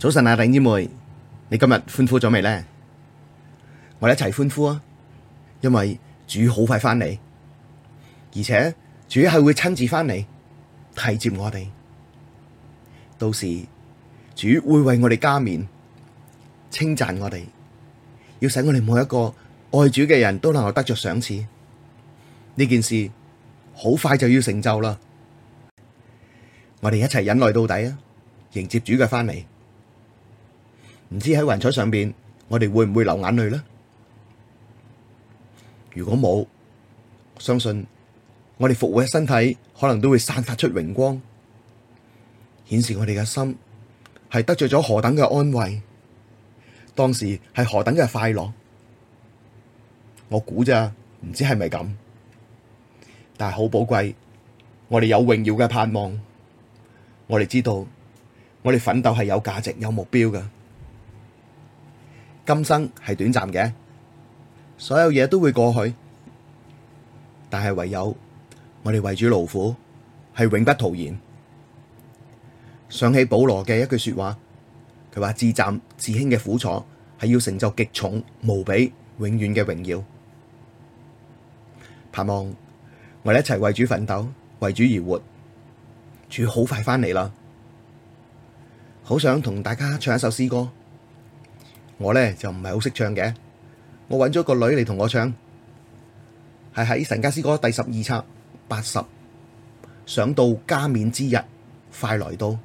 早晨啊，鄧姨妹，你今日歡呼咗未呢？我哋一齊歡呼啊！因為主好快翻嚟，而且主係會親自翻嚟，提接我哋。到時主會為我哋加冕，稱讚我哋，要使我哋每一個愛主嘅人都能夠得着賞賜。呢件事好快就要成就啦！我哋一齊忍耐到底啊，迎接主嘅翻嚟。唔知喺雲彩上邊，我哋會唔會流眼淚呢？如果冇，相信我哋復活嘅身體可能都會散發出榮光，顯示我哋嘅心係得著咗何等嘅安慰，當時係何等嘅快樂。我估咋，唔知係咪咁，但係好寶貴。我哋有榮耀嘅盼望，我哋知道我哋奮鬥係有價值、有目標嘅。今生係短暫嘅，所有嘢都會過去，但係唯有我哋為主勞苦，係永不徒然。想起保羅嘅一句說話，佢話至暫至輕嘅苦楚，係要成就極重無比、永遠嘅榮耀。盼望我哋一齊為主奮鬥，為主而活，主好快翻嚟啦！好想同大家唱一首詩歌。我咧就唔係好識唱嘅，我揾咗個女嚟同我唱，係喺神家詩歌第十二冊八十，想到加冕之日快來到，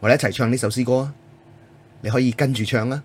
我哋一齊唱呢首詩歌啊！你可以跟住唱啊！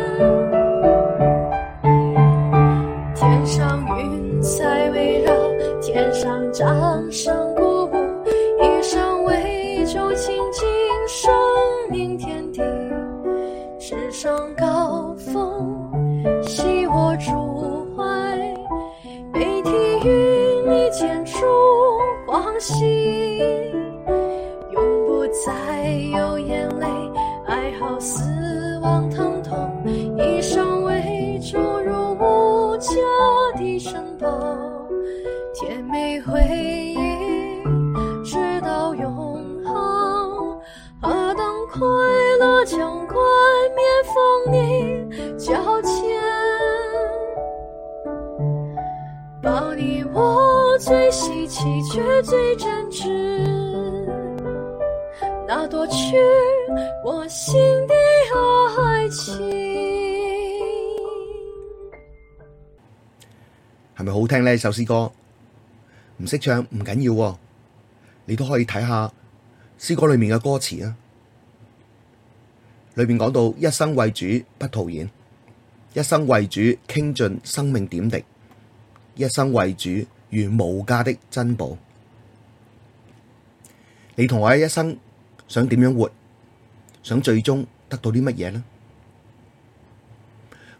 交淺，報祢我最希奇卻最真摯，那奪去我心的愛情，係咪好聽呢？首詩歌唔識唱唔緊要，你都可以睇下詩歌裏面嘅歌詞啊，裏面講到一生為主不徒然。一生為主傾盡生命點滴，一生為主如無價的珍寶。你同我嘅一生想點樣活？想最終得到啲乜嘢呢？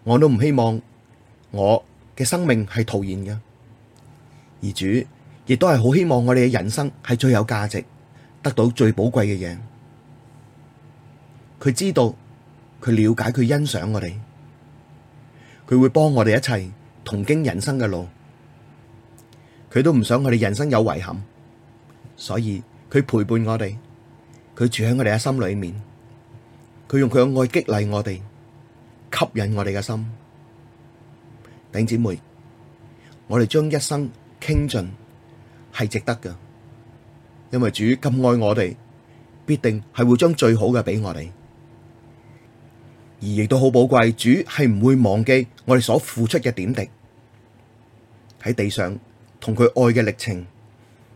我都唔希望我嘅生命係徒然嘅，而主亦都係好希望我哋嘅人生係最有價值，得到最寶貴嘅嘢。佢知道，佢了解，佢欣賞我哋。佢會幫我哋一切，同經人生嘅路。佢都唔想我哋人生有遺憾，所以佢陪伴我哋，佢住喺我哋嘅心裏面。佢用佢嘅愛激勵我哋，吸引我哋嘅心。弟兄姊妹，我哋將一生傾盡係值得㗎！因為主咁愛我哋，必定係會將最好嘅畀我哋。而亦都好寶貴，主係唔會忘記我哋所付出嘅點滴，喺地上同佢愛嘅歷程，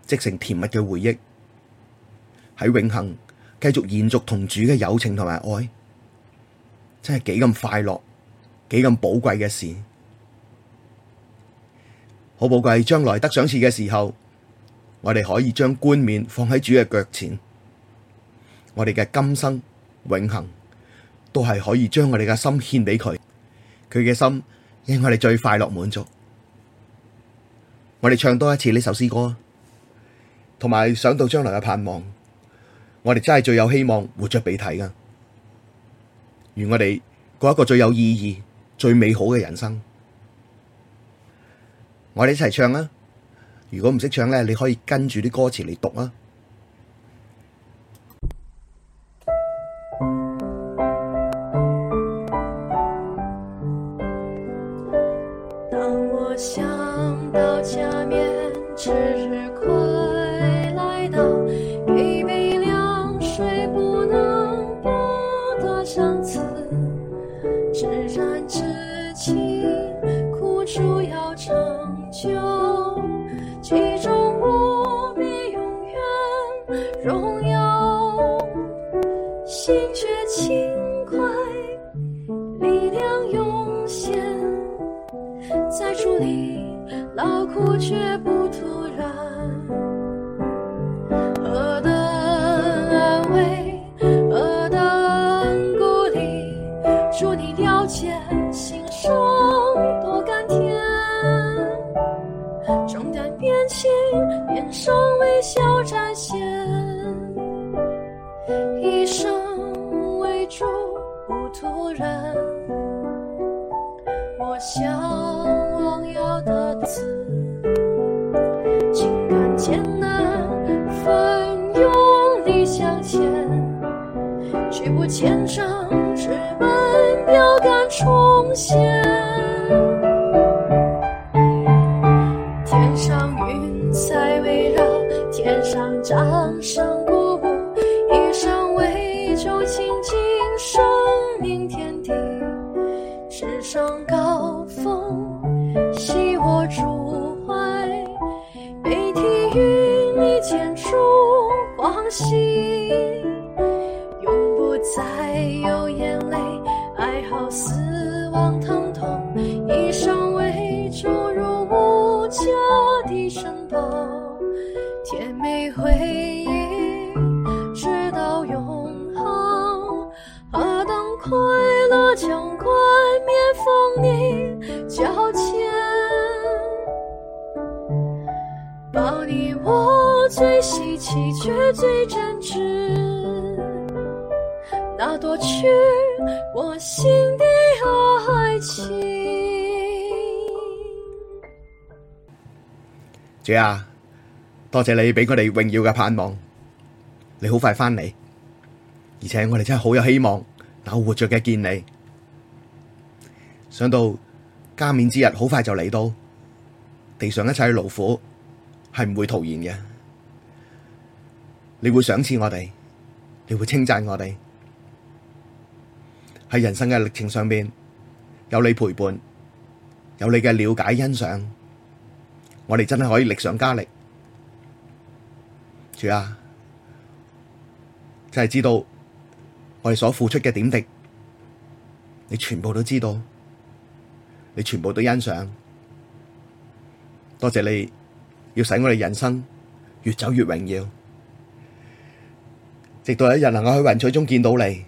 織成甜蜜嘅回憶。喺永恒繼續延續同主嘅友情同埋愛，真係幾咁快樂，幾咁寶貴嘅事，好寶貴。將來得賞賜嘅時候，我哋可以將冠冕放喺主嘅腳前，我哋嘅今生永恒。都係可以將我哋嘅心獻俾佢，佢嘅心令我哋最快樂滿足。我哋唱多一次呢首詩歌，同埋想到將來嘅盼望，我哋真係最有希望活著俾睇噶。願我哋過一個最有意義、最美好嘅人生。我哋一齊唱啦！如果唔識唱咧，你可以跟住啲歌詞嚟讀啊！勞苦卻不。重現。最希奇卻最真摯，那奪去我心底的愛情。主啊，多謝你俾佢哋榮耀嘅盼望，你好快返嚟，而且我哋真係好有希望，能夠活着嘅見你。想到加冕之日好快就嚟到，地上一切嘅勞苦係唔會徒然嘅。你會賞賜我哋，你會稱讚我哋，喺人生嘅歷程上面，有你陪伴，有你嘅了解欣賞，我哋真係可以力上加力。主啊，真係知道我哋所付出嘅點滴，你全部都知道，你全部都欣賞，多謝你，要使我哋人生越走越榮耀。直到有一日能夠喺雲彩中見到你，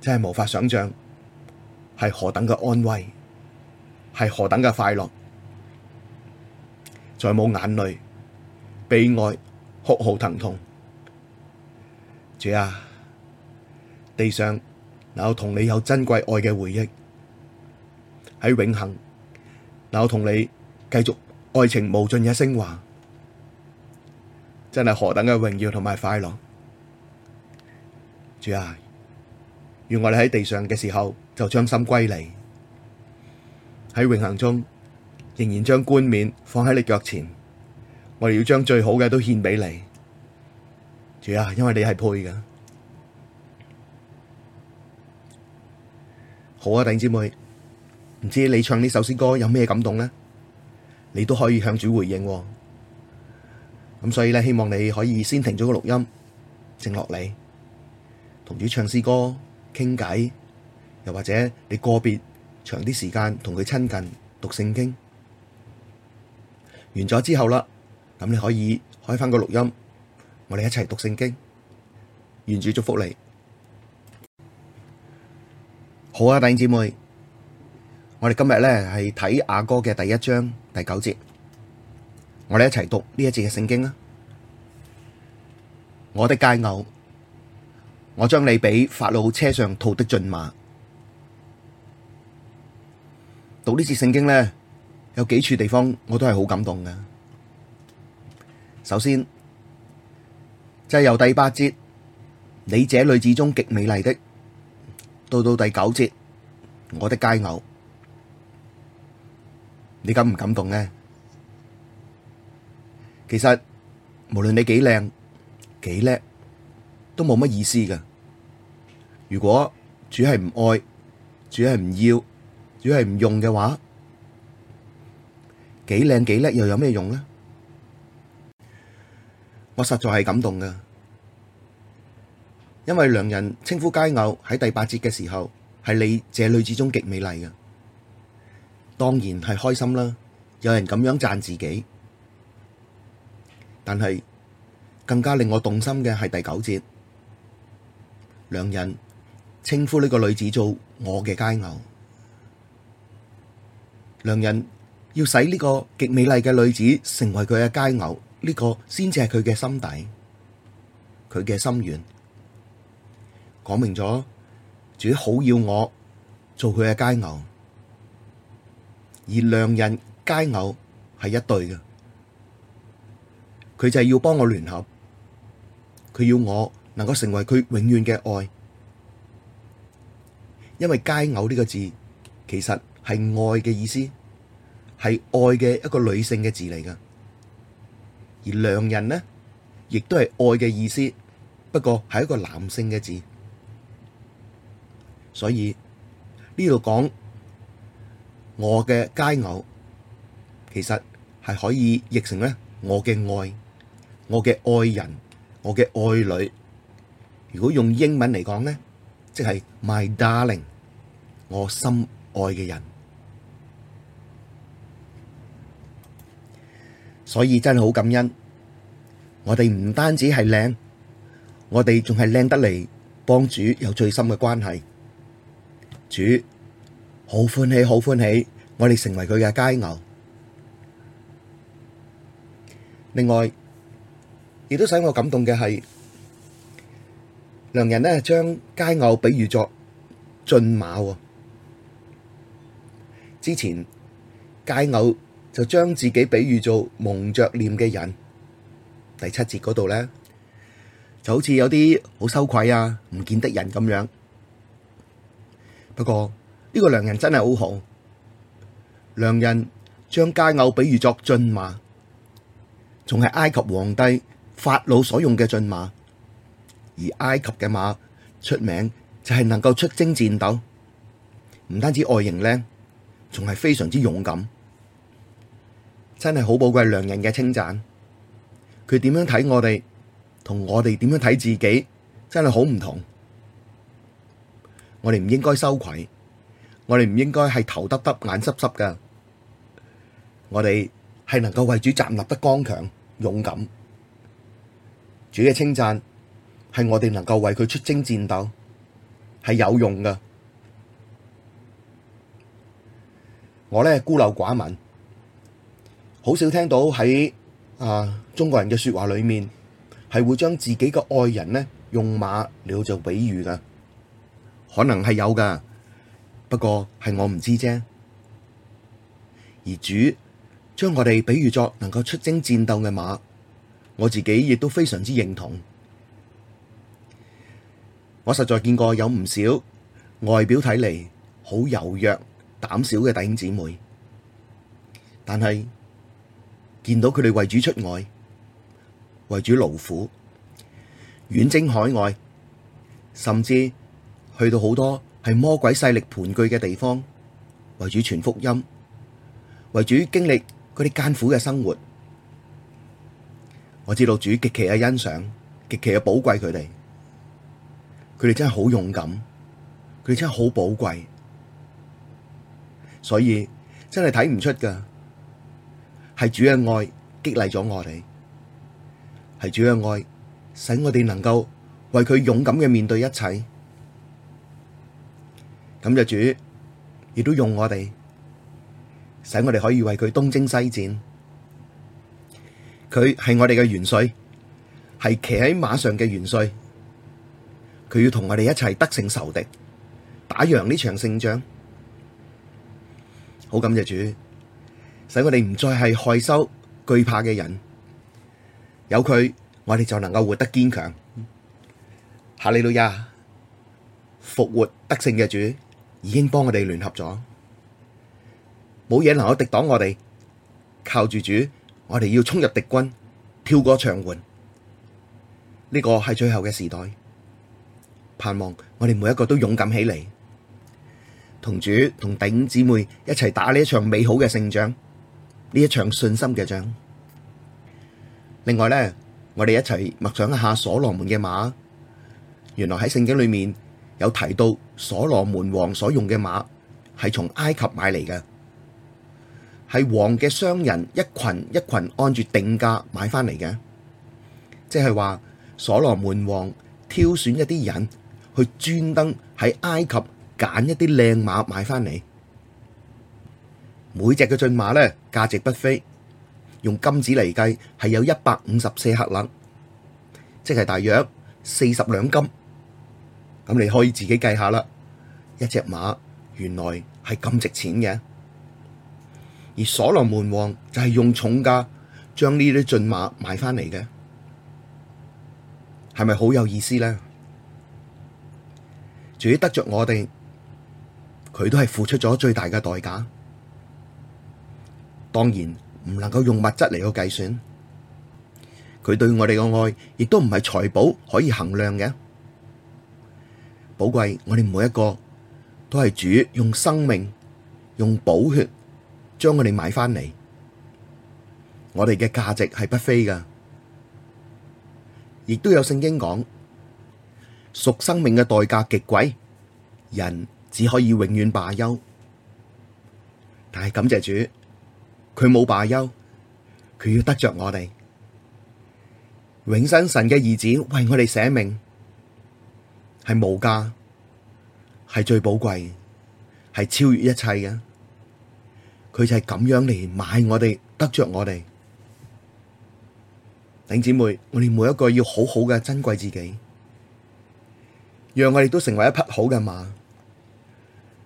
真係無法想象，係何等嘅安慰，係何等嘅快樂，再冇眼淚、悲哀、哭嚎、疼痛，主啊，地上，能夠同你有珍貴愛嘅回憶，喺永恒，能夠同你繼續愛情無盡嘅升華。真係何等嘅榮耀同埋快樂，主啊！願我哋喺地上嘅時候就將心歸你，喺永恆中仍然將冠冕放喺你腳前，我哋要將最好嘅都獻俾你，主啊！因為你係配㗎。好啊，弟兄姊妹，唔知你唱呢首詩歌有咩感動呢？你都可以向主回應。咁所以咧，希望你可以先停咗個錄音，靜落嚟，同主唱詩歌、傾偈，又或者你個別長啲時間同佢親近讀聖經。完咗之後啦，咁你可以開翻個錄音，我哋一齊讀聖經，願主祝福你。好啊，弟兄姐妹，我哋今日咧係睇雅歌嘅第一章第九節。我哋一齊讀呢一節嘅聖經啦。我的佳偶，我將你比法老車上套的駿馬。讀呢節聖經呢，有幾處地方我都係好感動嘅。首先就係、是、由第八節，你這女子中極美麗的，到到第九節，我的佳偶」，你感唔感動呢？其實無論你幾靚幾叻，都冇乜意思噶。如果主係唔愛，主係唔要，主係唔用嘅話，幾靚幾叻又有咩用呢？我實在係感動噶，因為良人稱呼佳偶喺第八節嘅時候係你這女子中極美麗噶，當然係開心啦。有人咁樣讚自己。但係更加令我動心嘅係第九節，良人稱呼呢個女子做我嘅佳偶，良人要使呢個極美麗嘅女子成為佢嘅佳偶，呢、這個先至係佢嘅心底，佢嘅心願，講明咗主要好要我做佢嘅佳偶，而良人佳偶係一對嘅。佢就係要幫我聯合，佢要我能夠成為佢永遠嘅愛，因為佳偶呢個字其實係愛嘅意思，係愛嘅一個女性嘅字嚟噶，而良人呢亦都係愛嘅意思，不過係一個男性嘅字，所以呢度講我嘅佳偶其實係可以譯成咧我嘅愛。我嘅愛人，我嘅愛女，如果用英文嚟講呢，即係 my darling，我深愛嘅人。所以真係好感恩，我哋唔單止係靚，我哋仲係靚得嚟，幫主有最深嘅關係。主好歡喜，好歡喜，我哋成為佢嘅佳偶。另外。亦都使我感動嘅係，良人呢，將佳偶比喻作駿馬喎，哦。之前佳偶就將自己比喻做蒙着臉嘅人，第七節嗰度呢，就好似有啲好羞愧啊，唔見得人咁樣。不過呢，這個良人真係好好，良人將佳偶比喻作駿馬，仲係埃及皇帝。法老所用嘅駿馬，而埃及嘅馬出名就係能夠出征戰鬥，唔單止外形靚，仲係非常之勇敢，真係好寶貴良人嘅稱讚。佢點樣睇我哋，同我哋點樣睇自己，真係好唔同。我哋唔應該羞愧，我哋唔應該係頭耷耷、眼濕濕嘅，我哋係能夠為主站立得剛強、勇敢。主嘅稱讚係我哋能夠為佢出征戰鬥，係有用噶。我呢孤陋寡聞，好少聽到喺啊中國人嘅說話裏面係會將自己嘅愛人呢用馬嚟做比喻噶，可能係有噶，不過係我唔知啫。而主將我哋比喻作能夠出征戰鬥嘅馬。我自己亦都非常之認同。我實在見過有唔少外表睇嚟好柔弱、膽小嘅弟兄姊妹，但係見到佢哋為主出外，為主勞苦，遠征海外，甚至去到好多係魔鬼勢力盤踞嘅地方，為主傳福音，為主經歷嗰啲艱苦嘅生活。我知道主極其嘅欣賞，極其嘅寶貴佢哋，佢哋真係好勇敢，佢哋真係好寶貴，所以真係睇唔出㗎，係主嘅愛激勵咗我哋，係主嘅愛使我哋能夠為佢勇敢嘅面對一切，咁就主亦都用我哋，使我哋可以為佢東征西戰。佢係我哋嘅元帥，係騎喺馬上嘅元帥。佢要同我哋一齊得勝仇敵，打贏呢場勝仗。好感謝主，使我哋唔再係害羞懼怕嘅人。有佢，我哋就能夠活得堅強。哈利路亞，復活得勝嘅主已經幫我哋聯合咗，冇嘢能夠敵擋我哋，靠住主。我哋要衝入敵軍，跳過牆垣。呢個係最後嘅時代，盼望我哋每一個都勇敢起嚟，同主同第五姊妹一齊打呢一場美好嘅勝仗，呢一場信心嘅仗。另外呢，我哋一齊默想一下所羅門嘅馬。原來喺聖經裏面有提到，所羅門王所用嘅馬係從埃及買嚟嘅。係王嘅商人一群一群按住定價買翻嚟嘅，即係話所羅門王挑選一啲人去專登喺埃及揀一啲靚馬買翻嚟，每隻嘅駿馬呢，價值不菲，用金子嚟計係有一百五十四克銀，即係大約四十兩金，咁你可以自己計下啦，一隻馬原來係咁值錢嘅。而所羅門王就係用重價將呢啲駿馬買翻嚟嘅，係咪好有意思呢？至於得着我哋，佢都係付出咗最大嘅代價。當然唔能夠用物質嚟去計算，佢對我哋嘅愛亦都唔係財寶可以衡量嘅。寶貴我哋每一個，都係主用生命用寶血將我哋買翻嚟，我哋嘅價值係不菲噶。亦都有聖經講，贖生命嘅代價極貴，人只可以永遠罷休。但係感謝主，佢冇罷休，佢要得着我哋。永生神嘅兒子為我哋捨命，係無價，係最寶貴，係超越一切嘅。佢就係咁樣嚟買我哋，得着我哋。頂姐妹，我哋每一個要好好嘅珍貴自己，讓我哋都成為一匹好嘅馬，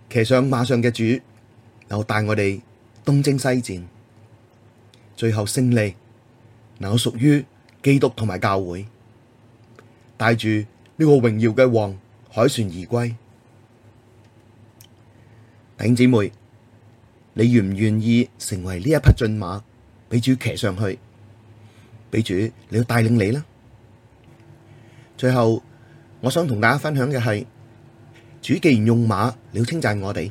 騎上馬上嘅主，然後帶我哋東征西戰，最後勝利，然後屬於基督同埋教會，帶住呢個榮耀嘅王，凱旋而歸。頂姐妹。你願唔願意成為呢一匹駿馬俾主騎上去？俾主你要帶領你啦。最後，我想同大家分享嘅係，主既然用馬，你要稱讚我哋，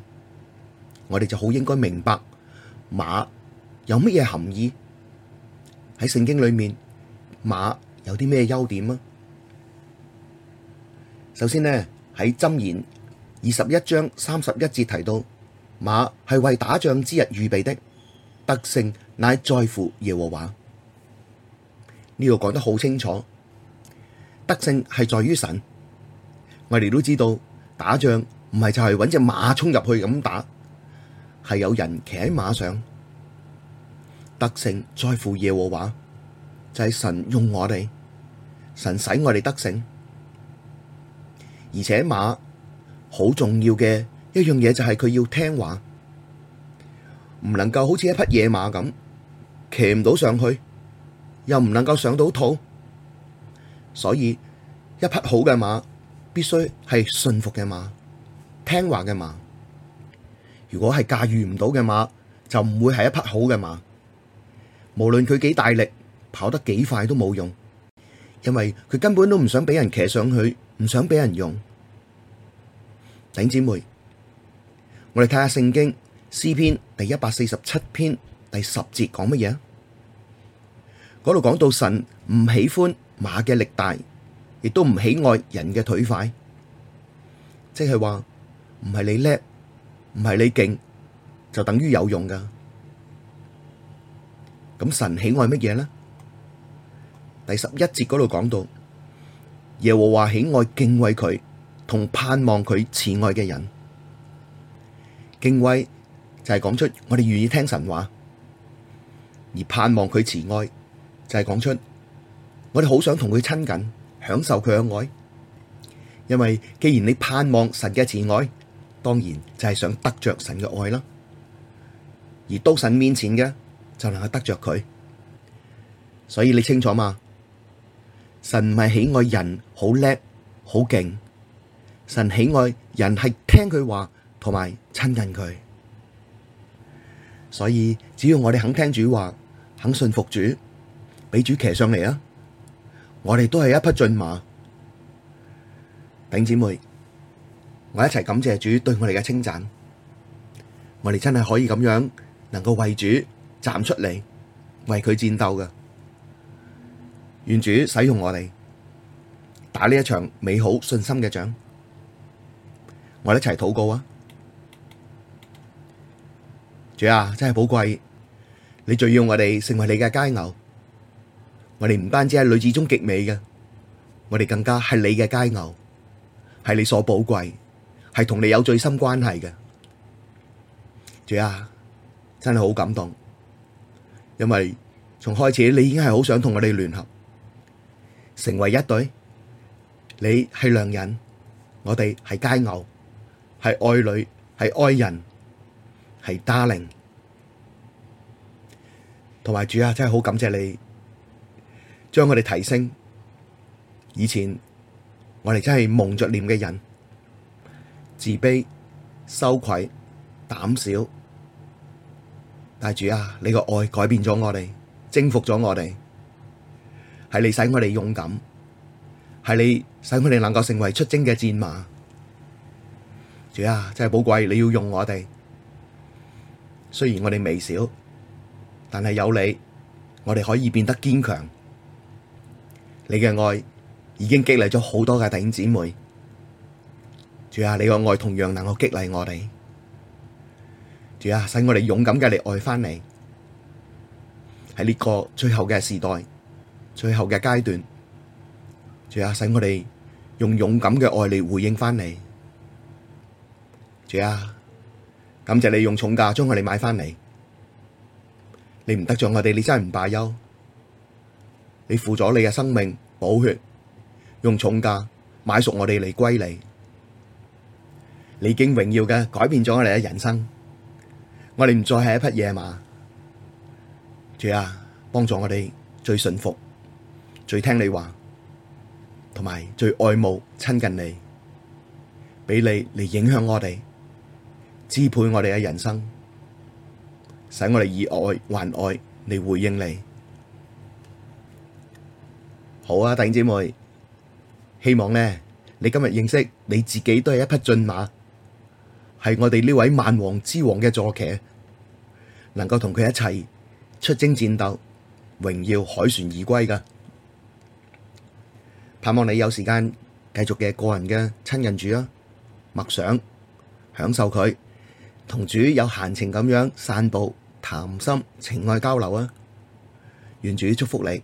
我哋就好應該明白馬有乜嘢含義喺聖經裏面，馬有啲咩優點啊？首先呢，喺箴言二十一章三十一節提到。馬係為打仗之日預備的，得勝乃在乎耶和華。呢度講得好清楚，得勝係在於神。我哋都知道打仗唔係就係搵隻馬衝入去咁打，係有人騎喺馬上。得勝在乎耶和華，就係、是、神用我哋，神使我哋得勝，而且馬好重要嘅。一樣嘢就係佢要聽話，唔能夠好似一匹野馬咁騎唔到上去，又唔能夠上到套，所以一匹好嘅馬必須係馴服嘅馬，聽話嘅馬。如果係駕馭唔到嘅馬，就唔會係一匹好嘅馬。無論佢幾大力，跑得幾快都冇用，因為佢根本都唔想俾人騎上去，唔想俾人用。頂姐妹。我哋睇下聖經詩篇第一百四十七篇第十節講乜嘢？嗰度講到神唔喜歡馬嘅力大，亦都唔喜愛人嘅腿快，即係話唔係你叻，唔係你勁，就等於有用噶。咁神喜愛乜嘢呢？第十一節嗰度講到耶和華喜愛敬畏佢同盼望佢慈愛嘅人。敬畏就係講出我哋願意聽神話，而盼望佢慈愛就係講出我哋好想同佢親近，享受佢嘅愛。因為既然你盼望神嘅慈愛，當然就係想得着神嘅愛啦。而到神面前嘅就能夠得着佢，所以你清楚嘛？神唔係喜愛人好叻好勁，神喜愛人係聽佢話。同埋親近佢，所以只要我哋肯聽主話，肯信服主，俾主騎上嚟啊！我哋都係一匹駿馬，弟兄姊妹，我一齊感謝主對我哋嘅稱讚，我哋真係可以咁樣能夠為主站出嚟，為佢戰鬥嘅，願主使用我哋打呢一場美好信心嘅仗，我哋一齊禱告啊！主啊，真係寶貴！你仲要我哋成為你嘅佳偶，我哋唔單止係女子中極美嘅，我哋更加係你嘅佳偶，係你所寶貴，係同你有最深關係嘅。主啊，真係好感動，因為從開始你已經係好想同我哋聯合，成為一對。你係良人，我哋係佳偶，係愛女，係愛人。係，Darling，同埋主啊，真係好感謝你將我哋提升。以前我哋真係蒙着臉嘅人，自卑、羞愧、膽小。但主啊，你個愛改變咗我哋，征服咗我哋，係你使我哋勇敢，係你使我哋能夠成為出征嘅戰馬。主啊，真係寶貴，你要用我哋。雖然我哋微小，但係有你，我哋可以變得堅強。你嘅愛已經激勵咗好多嘅弟兄姊妹。主啊，你嘅愛同樣能夠激勵我哋。主啊，使我哋勇敢嘅嚟愛翻你。喺呢個最後嘅時代、最後嘅階段，主啊，使我哋用勇敢嘅愛嚟回應翻你。主啊。感謝你用重價將我哋買翻嚟，你唔得罪我哋，你真係唔罷休，你付咗你嘅生命、寶血，用重價買贖我哋嚟歸你，你已經榮耀嘅改變咗我哋嘅人生，我哋唔再係一匹野馬，主啊，幫助我哋最順服、最聽你話，同埋最愛慕親近你，畀你嚟影響我哋。支配我哋嘅人生，使我哋以愛還愛嚟回應你。好啊，弟兄姊妹，希望咧你今日認識你自己都係一匹駿馬，係我哋呢位萬王之王嘅坐騎，能夠同佢一齊出征戰鬥，榮耀凱旋而歸㗎。盼望你有時間繼續嘅個人嘅親近主啊，默想，享受佢。同主有閒情咁樣散步、談心、情愛交流啊！願主祝福你。